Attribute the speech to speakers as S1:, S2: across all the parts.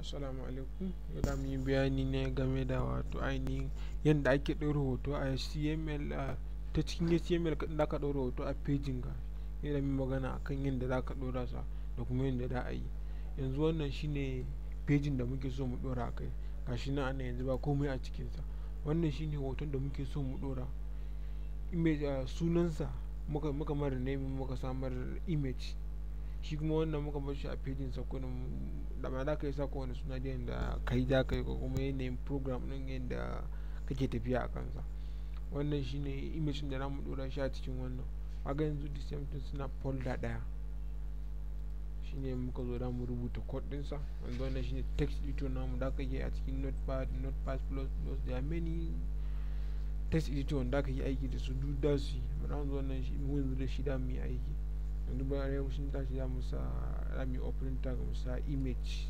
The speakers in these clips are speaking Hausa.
S1: assalamu alaikum yau da yi bayani ne game da wato ainihin yadda ake ɗora hoto a html ta cikin html kaɗan da ka ɗora hoto a pejin ka yadda mai magana a kan yadda za ka ɗora sa da kuma yadda za a yi yanzu wannan shine pejin da muke so mu ɗora a kai shi na ana yanzu ba komai a cikinsa wannan shine hoton da muke so mu ɗora image sunansa muka muka mara ne muka samar image shi kuma wannan muka bar shi a pejin sakon da ma za ka yi sa wani suna da yadda kai za ka yi ko kuma yanayin program ɗin yadda kake tafiya a kansa wannan shine imishin da namu dora shi a cikin wannan kaga yanzu da same thing suna folder ɗaya shine muka zo da mu rubuta code ɗinsa yanzu wannan shine text editor namu da ka yi a cikin notepad notepad plus plus there are many text editor da ka yi aiki da su duk da su yi mu zo wannan shi mu yanzu da shi da mu yi aiki yanzu bayan yawancin tashi za mu sa rami opening tag mu sa image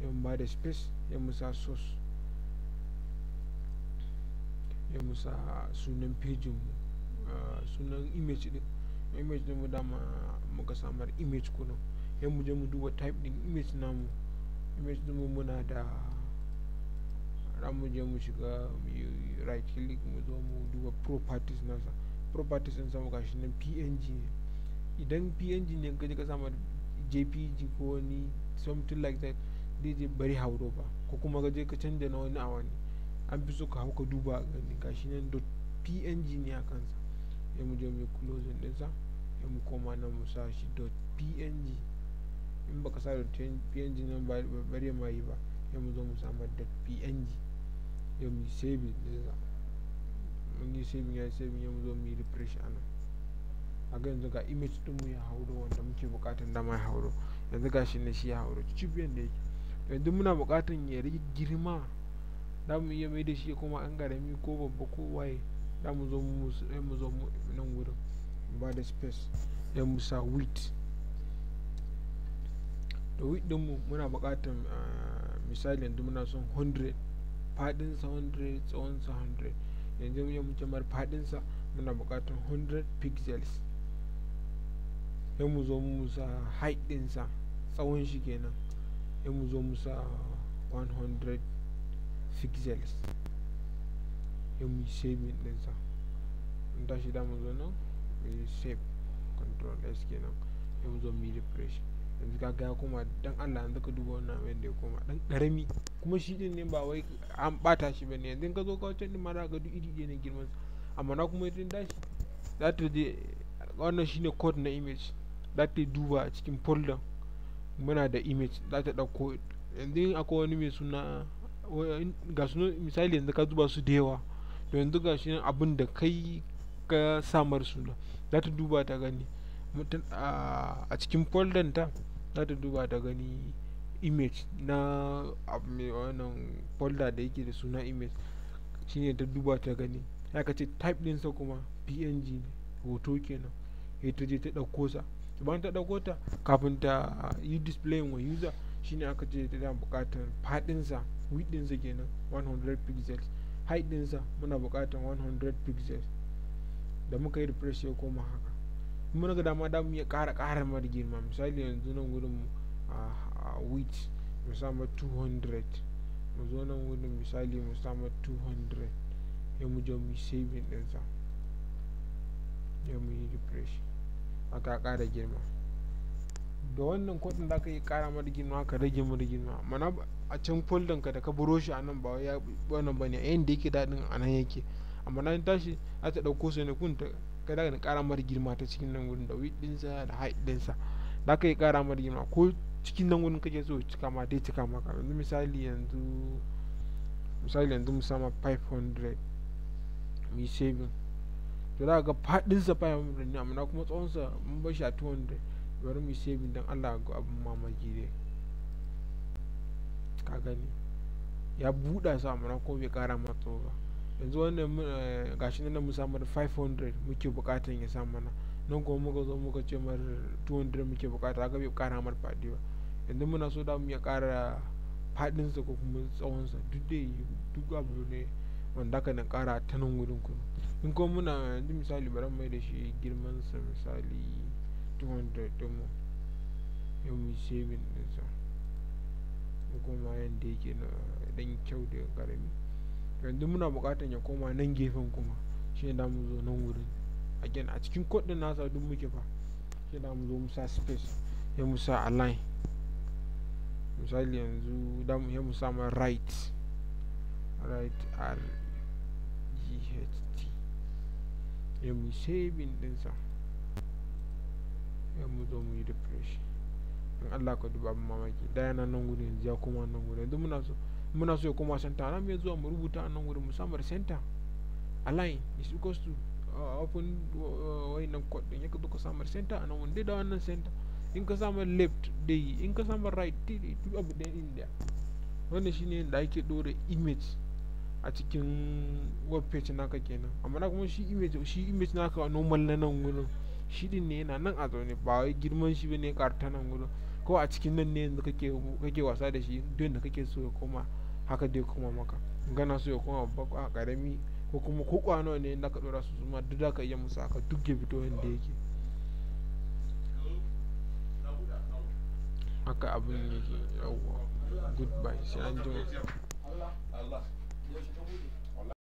S1: ya ba da space ya mu sa source ya mu sa sunan pejin mu sunan image din image din mu dama muka samar image kuna ya mu je mu duba type din image namu image din mu muna da mu je mu shiga mu yi right click mu zo mu duba properties nasa properties din samu gashi nan png ne idan png ne ka je ka samu jpg ko wani something like that zai je bari hauro ba ko kuma ka je ka canja na wani a wani an fi so ka hau ka duba a gani gashi nan dot png ne a kansa ya mu je mu closing sa ya mu koma na mu sa shi dot png in baka sa dot png nan ba bari ma yi ba ya mu zo mu samu dot png ya mu yi saving sa mun yi saving ya saving ya mu zo mu yi refresh a nan a ga yanzu ga image din mu ya hauro wanda muke buƙatar da mai hauro yanzu ga shi ne shi ya hauro chip yan da yake yanzu muna buƙatar ya rage girma da mu iya mai da shi kuma an garami ko babba ko waye da mu zo mu sai mu zo mu nan wurin ba da space ya musa width da din mu muna buƙatar ah, misali yanzu muna son 100 faɗinsa 100 tsawonsa 100 yanzu ya muke fadin sa muna buƙatar 100 pixels sai mu zo mu sa height sa tsawon shi kenan sai mu zo mu sa 100 pixels sai mu yi saving ɗinsa in tashi da mu zo nan mu save control s kenan sai mu zo mu yi refresh yanzu ka ga ya dan Allah yanzu ka duba wannan abin da ya koma dan karami kuma shi din ne ba wai an bata shi bane yanzu ka zo ka wacce din ma za ka duk iri ne girman amma na kuma ita tashi za ta je wannan shine code na image za ta duba a cikin folder muna da image za ta ɗauko yanzu akwai wani mai suna ga su misali yanzu ka duba su da yawa to yanzu ga shi abin da kai ka samar suna za ta duba ta gani a cikin folder ta za ta duba ta gani image na abu mai wannan folder da yake da suna image shine ta duba ta gani ya ka ce type ɗinsa kuma png ne hoto kenan ta je ta ɗauko sa to bayan ta dauko ta kafin ta yi display wa user shine aka ce tana buƙatar faɗinsa width ɗinsa kenan 100 pixels height muna bukatar 100 pixels da muka yi refresh ya koma haka mun ga dama da ya kara kara mara girma misali yanzu nan gurin a width mu sama 200 mu zo nan wurin misali mu sama 200 ya mu je mu saving dinsa ya mu yi refresh haka ƙara girma da wannan kudin da aka yi ƙara mara girma ka rage mara girma mana a can foldin ka da ka buro shi a nan ba ya wannan bane a da yake daɗin a nan yake amma na tashi za ta ɗauko su ne kun ka da ƙara mara girma ta cikin nan wurin da width da height ɗinsa za ka yi ƙara mara girma ko cikin nan wurin kake so cika ma dai cika maka yanzu misali yanzu misali yanzu mu sama 500 mu yi saving to za ga faɗinsa 500 ne amma kuma tsawonsa mun ba shi a 200 bari mu saving don allah ga abin mamaki dai ka gani ya buɗa su amma kuma bai ƙara ma tsawo ba yanzu wannan eh, gashi nan mu samu da 500 muke buƙatan ya samu na nan kuma muka zo muka ce mar 200 muke buƙata ga bai ƙara mar faɗi ba yanzu muna so da mu ya ƙara fadinsa ko kuma tsawonsa duk dai duk abu ne wanda haka na ƙara ta nan wurin kuma in ko muna yanzu misali bari mai da shi girman sa misali 200 ɗin mu yau mu shebin ɗin sa kuma yanda yake na dan kyau da ƙarami yanzu muna buƙatar ya koma nan gefen kuma shi da mu zo nan wurin again a cikin code din nasa duk muke fa shi da mu zo mu sa space ya mu sa align misali yanzu ya mu sa ma right right r ya mu saving dinsa ya mu zo mu yi refresh in Allah ka duba mu mamaki da yana nan gudun yanzu ya koma nan gudun yanzu muna so muna so ya koma center nan mai zuwa mu rubuta a nan gudun mu samar center align is equals to uh, open uh, nan code din yake duka samar center a nan wanda da wannan center in ka samar left dai in ka samar right dai duk abu da inda wannan shine da ake dora image a cikin web page naka kenan amma na kuma shi image shi image naka normal na nan gudun shi din ne yana nan a zaune ba wai girman shi bane karta nan gudun ko a cikin nan ne yanzu kake kake wasa da shi duk da kake so ya koma haka dai kuma maka gana so ya koma babba a karami ko kuma ko kwano ne da ka dora su zuma duk da ka iya musu haka duk ya fito yanda yake haka abin yake yawwa goodbye sai an jima E hoje eu vou